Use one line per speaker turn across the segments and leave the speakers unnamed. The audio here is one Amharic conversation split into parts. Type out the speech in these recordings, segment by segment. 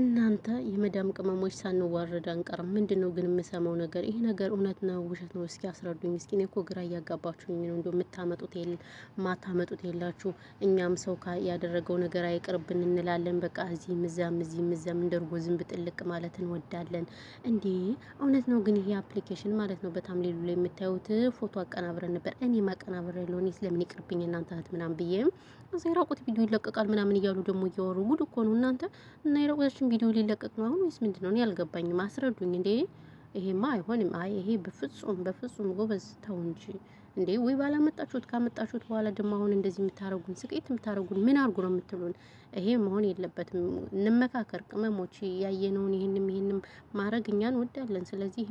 እናንተ የመዳም ቅመሞች ሳንዋረድ አንቀርም። ምንድን ነው ግን የምሰማው ነገር? ይህ ነገር እውነት ነው ውሸት ነው? እስኪ አስረዱኝ። እስኪ ምስኪን እኮ ግራ እያጋባችሁኝ ነው። እንዲ የምታመጡት የለ ማታመጡት የላችሁ። እኛም ሰው ያደረገው ነገር አይቅርብን እንላለን። በቃ እዚህ ምዛም እዚህ ምዛም እንደ እርጎ ዝንብ ጥልቅ ማለት እንወዳለን። እንዴ እውነት ነው ግን ይሄ አፕሊኬሽን ማለት ነው። በጣም ሌሉ ላይ የምታዩት ፎቶ አቀናብረን ነበር። እኔ ማቀናብረ ለሆኔ ስለምን ይቅርብኝ እናንተ እህት ምናም ብዬ እዛ የራቁት ቪዲዮ ይለቀቃል ምናምን እያሉ ደግሞ እያወሩ ጉድ እኮ ነው እናንተ እና የራቁታችን ቪዲዮ ሊለቀቅ ነው አሁን ወይስ ምንድን ነው? እኔ አልገባኝም። አስረዱኝ እንዴ! ይሄማ አይሆንም። አይ ይሄ በፍጹም በፍጹም ጎበዝ፣ ተው እንጂ እንዴ! ወይ ባላመጣችሁት፣ ካመጣችሁት በኋላ ደግሞ አሁን እንደዚህ የምታረጉን ስቅይት የምታረጉን ምን አርጉ ነው የምትሉን? ይሄ መሆን የለበትም። እንመካከር፣ ቅመሞች ያየነውን ይህንም ይህንም ማድረግ እኛ እንወዳለን። ስለዚህ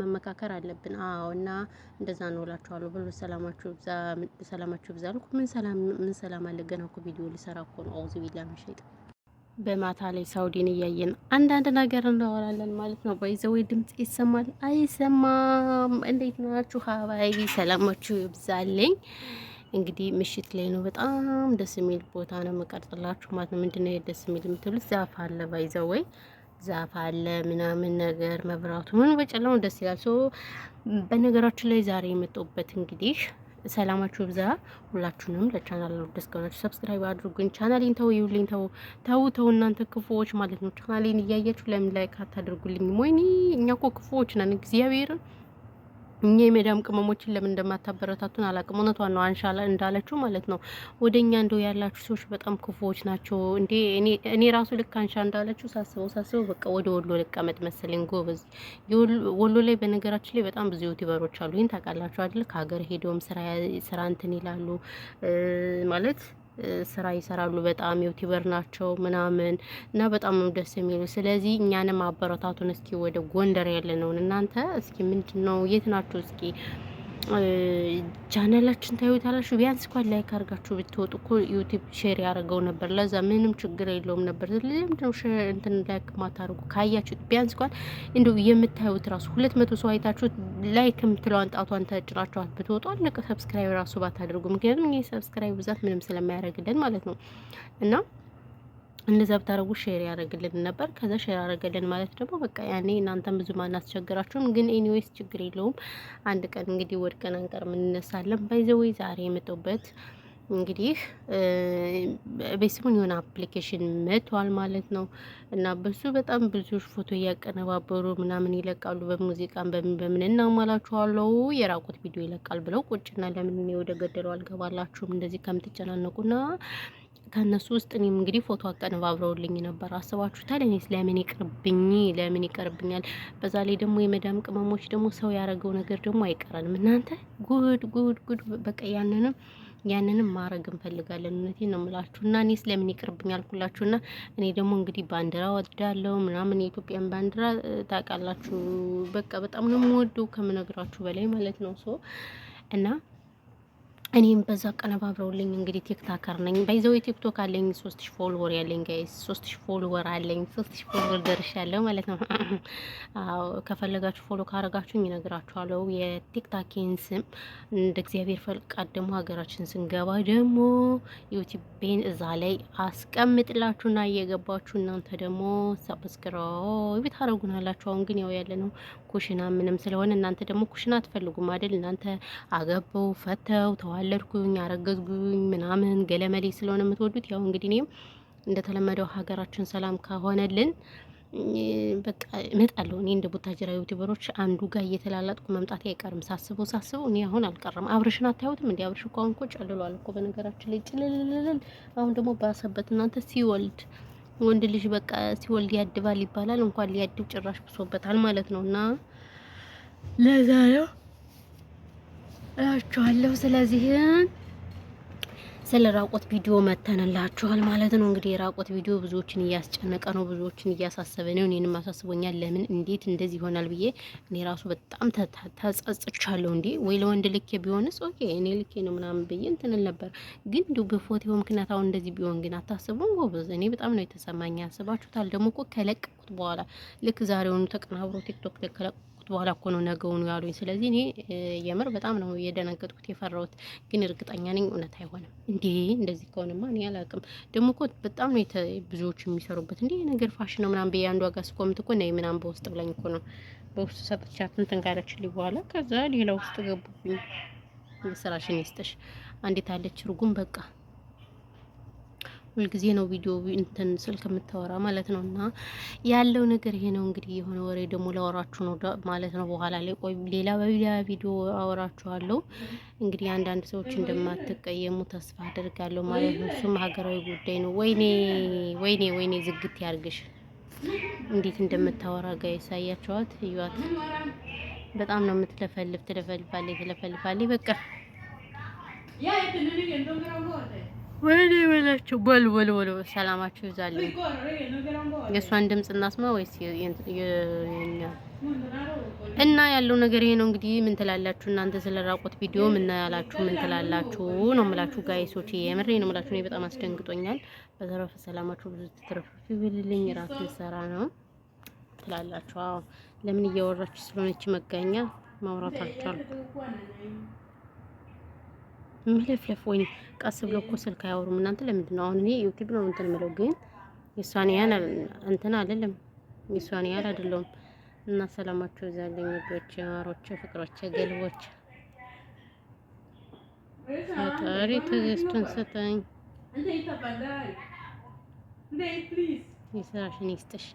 መመካከር አለብን። አዎ እና እንደዛ ነው እላችኋለሁ ብሎ ሰላማችሁ ይብዛ አልኩ። ምን ሰላም ምን ሰላም አለ? ገና እኮ ቪዲዮ ልሰራ እኮ ነው። አውዝ ቢላ መሸጥ በማታ ላይ ሳውዲን እያየን አንዳንድ ነገር እንደወራለን ማለት ነው። ባይዘዌ ድምጽ ይሰማል አይሰማም? እንዴት ናችሁ? ሀባይ ሰላማችሁ ይብዛልኝ። እንግዲህ ምሽት ላይ ነው። በጣም ደስ የሚል ቦታ ነው የምቀርጽላችሁ ማለት ነው። ምንድነው ደስ የሚል የምትሉት? ዛፍ አለ፣ ባይዘዌ ዛፍ አለ ምናምን ነገር መብራቱ ምን በጨለሙ ደስ ይላል። ሶ በነገራችን ላይ ዛሬ የመጣሁበት እንግዲህ ሰላማችሁ ብዛ። ሁላችሁንም ለቻናል ደስ ከሆናችሁ ሰብስክራይብ አድርጉኝ። ቻናሌን ተው ይውልኝ፣ ተው ተው ተው፣ እናንተ ክፉዎች ማለት ነው። ቻናሌን እያያችሁ ለምን ላይክ አታደርጉልኝ? ወይኔ እኛ እኮ ክፉዎች ነን እግዚአብሔርን እኛ የሜዳም ቅመሞችን ለምን እንደማታበረታቱን አላቅም። ነው አንሻላ እንዳለችው ማለት ነው። ወደ እኛ እንደው ያላችሁ ሰዎች በጣም ክፉዎች ናቸው። እንዴ እኔ ራሱ ልክ አንሻ እንዳለችው ሳስበው ሳስበው በቃ ወደ ወሎ ልቀመጥ መሰለኝ። ጎበዝ ወሎ ላይ በነገራችን ላይ በጣም ብዙ ዩቲዩበሮች አሉ። ይህን ታውቃላችሁ አይደል? ከሀገር ሄደውም ስራ እንትን ይላሉ ማለት ስራ ይሰራሉ። በጣም ዩቲበር ናቸው ምናምን እና በጣም ነው ደስ የሚሉ። ስለዚህ እኛንም አበረታቱን እስኪ ወደ ጎንደር ያለነውን እናንተ እስኪ ምንድን ነው የት ናችሁ እስኪ ቻናላችን ታዩታላችሁ። ቢያንስ እንኳን ላይክ አድርጋችሁ ብትወጡ እኮ ዩቲብ ሼር ያደርገው ነበር። ለዛ ምንም ችግር የለውም ነበር። ለምንድነው እንትን ላይክ ማታደርጉ? ካያችሁት ቢያንስ እንኳን እንደው የምታዩት ራሱ ሁለት መቶ ሰው አይታችሁት ላይክ የምትለዋን ጣቷን ተጭናችኋት ብትወጡ አለቀ። ሰብስክራይብ ራሱ ባታደርጉ፣ ምክንያቱም ይህ ሰብስክራይብ ብዛት ምንም ስለማያደርግልን ማለት ነው እና እንደዛ ብታረጉ ሼር ያደረግልን ነበር። ከዛ ሼር ያደረገልን ማለት ደግሞ በቃ ያኔ እናንተም ብዙ አስቸግራችሁም፣ ግን ኤኒዌይስ ችግር የለውም። አንድ ቀን እንግዲህ ወድቀን አንቀርም፣ እንነሳለን። ባይዘዌ ዛሬ የመጣሁበት እንግዲህ ቤተሰቡን የሆነ አፕሊኬሽን መቷል ማለት ነው። እና በሱ በጣም ብዙ ፎቶ እያቀነባበሩ ምናምን ይለቃሉ። በሙዚቃን በምን በምን እናሟላችኋለሁ የራቁት ቪዲዮ ይለቃል ብለው ቁጭና ለምን ወደ ገደሉ አልገባላችሁም እንደዚህ ከምትጨናነቁና ከእነሱ ውስጥ እኔም እንግዲህ ፎቶ አቀነባብረውልኝ ነበር። አስባችሁታል? እኔስ ለምን ይቅርብኝ? ለምን ይቀርብኛል? በዛ ላይ ደግሞ የመዳም ቅመሞች ደግሞ ሰው ያደረገው ነገር ደግሞ አይቀረንም። እናንተ ጉድ ጉድ ጉድ። በቃ ያንንም ያንንም ማድረግ እንፈልጋለን። እውነቴን ነው የምላችሁ። እና እኔስ ለምን ይቅርብኝ አልኩላችሁ። እና እኔ ደግሞ እንግዲህ ባንዲራ ወዳለው ምናምን የኢትዮጵያን ባንዲራ ታውቃላችሁ። በቃ በጣም ነው የምወደው ከምነግራችሁ በላይ ማለት ነው ሶ እና እኔም በዛ ቀነባብረውልኝ እንግዲህ ቲክታከር ነኝ ባይዘው የቲክቶክ አለኝ። ሶስት ሺ ፎሎወር ያለኝ ጋይስ ሶስት ሺ ፎሎወር አለኝ። ሶስት ሺ ፎሎወር ደርሻለሁ ማለት ነው። አዎ ከፈለጋችሁ ፎሎ ካረጋችሁኝ እነግራችኋለሁ የቲክታኬን ስም። እንደ እግዚአብሔር ፈቃድ ደግሞ ሀገራችን ስንገባ ደግሞ ዩቲቤን እዛ ላይ አስቀምጥላችሁና እየገባችሁ እናንተ ደግሞ ሰብስክራይብ ታደርጉናላችሁ። አሁን ግን ያው ያለ ነው ኩሽና ምንም ስለሆነ እናንተ ደግሞ ኩሽና አትፈልጉም አይደል? እናንተ አገበው ፈተው ተዋ ወለድኩኝ አረገዝኩኝ ምናምን ገለመሌ ስለሆነ የምትወዱት ያው እንግዲህ እኔም እንደተለመደው ሀገራችን ሰላም ከሆነልን በቃ እመጣለሁ። እኔ እንደ ቡታጅራ ዩቲዩበሮች አንዱ ጋር እየተላላጥኩ መምጣት አይቀርም። ሳስበው ሳስበው እኔ አሁን አልቀረም። አብርሽን አታዩትም? እንዲ አብርሽ እኮ አሁን እኮ ጨልሏል እኮ በነገራችን ላይ ጭልልልልል። አሁን ደግሞ ባሰበት እናንተ ሲወልድ ወንድ ልጅ በቃ ሲወልድ ያድባል ይባላል። እንኳን ሊያድብ ጭራሽ ብሶበታል ማለት ነው እና ለዛ ነው እላችኋለሁ። ስለዚህ ስለ ራቆት ቪዲዮ መተንላችኋል ማለት ነው። እንግዲህ የራቆት ቪዲዮ ብዙዎችን እያስጨነቀ ነው፣ ብዙዎችን እያሳሰበ ነው። እኔንም አሳስቦኛል። ለምን እንዴት እንደዚህ ይሆናል ብዬ እኔ ራሱ በጣም ተጸጽቻለሁ። እንዴ ወይ ለወንድ ልኬ ቢሆንስ ኦኬ፣ እኔ ልኬ ነው ምናምን ብዬ እንትንል ነበር። ግን እንዲሁ በፎቴው ምክንያት አሁን እንደዚህ ቢሆን ግን አታስቡም ጎበዝ። እኔ በጣም ነው የተሰማኝ። ያስባችሁታል ደግሞ እኮ ከለቀቁት በኋላ ልክ ዛሬውኑ ተቀናብሮ ቲክቶክ ላይ ከለቀቁ ካወቅኩት በኋላ እኮ ነው ነገውኑ ያሉኝ። ስለዚህ እኔ የምር በጣም ነው የደነገጥኩት የፈራሁት። ግን እርግጠኛ ነኝ እውነት አይሆንም እንዴ። እንደዚህ ከሆነማ እኔ አላውቅም። ደግሞ እኮ በጣም ነው ብዙዎች የሚሰሩበት እንዴ ነገር ፋሽን ነው ምናምን ብዬ አንዷ ጋር ስቆምት እኮ ነይ ምናምን በውስጥ ብለኝ እኮ ነው በውስጥ ሰጥቻት እንትን ካለችልኝ በኋላ ከዛ ሌላ ውስጥ ገቡብኝ። ስራሽን ይስጥሽ። አንዴት አለች ርጉም በቃ ሁልጊዜ ነው ቪዲዮ እንትን ስልክ የምታወራ ማለት ነው። እና ያለው ነገር ይሄ ነው እንግዲህ። የሆነ ወሬ ደግሞ ላወራችሁ ነው ማለት ነው። በኋላ ላይ ቆይ ሌላ በሌላ ቪዲዮ አወራችኋለሁ። እንግዲህ አንዳንድ ሰዎች እንደማትቀየሙ ተስፋ አደርጋለሁ ማለት ነው። እሱም ሀገራዊ ጉዳይ ነው። ወይኔ ወይኔ ወይኔ ዝግት ያርግሽ። እንዴት እንደምታወራ ጋር ያሳያቸዋት እዩዋት። በጣም ነው የምትለፈልፍ። ትለፈልፋለች፣ ትለፈልፋለች በቃ ወይኔ በላቸው። በል በል በል ሰላማችሁ ይዛልኝ። የእሷን ድምፅ እናስማ ወይስ የኛ? እና ያለው ነገር ይሄ ነው። እንግዲህ ምን ትላላችሁ እናንተ? ስለራቆት ቪዲዮ ምን ያላችሁ ምን ትላላችሁ ነው የምላችሁ ጋይሶች፣ የምሬ ነው የምላችሁ። እኔ በጣም አስደንግጦኛል። በተረፈ ሰላማችሁ ብዙ ትትረፍርፍ ይበልልኝ። ራት ልሰራ ነው ትላላችሁ። አዎ ለምን እያወራችሁ ስለሆነች መገኛ ማውራታችሁ አልኩ። መለፍለፍ ወይ ቀስ ብሎ እኮ ስልክ አያወሩም እናንተ ለምንድን ነው አሁን እኔ ዩቲብ ነው እንትን ምለው ግን የእሷን ያህል እንትን አይደለም የእሷን ያህል አይደለም። እና ሰላማችሁ ይዛልኝ ወዶች፣ ማሮች ፍቅሮች ገልቦች ፈጣሪ ትዕግስቱን ስጠኝ የስራሽን ይስጥሽ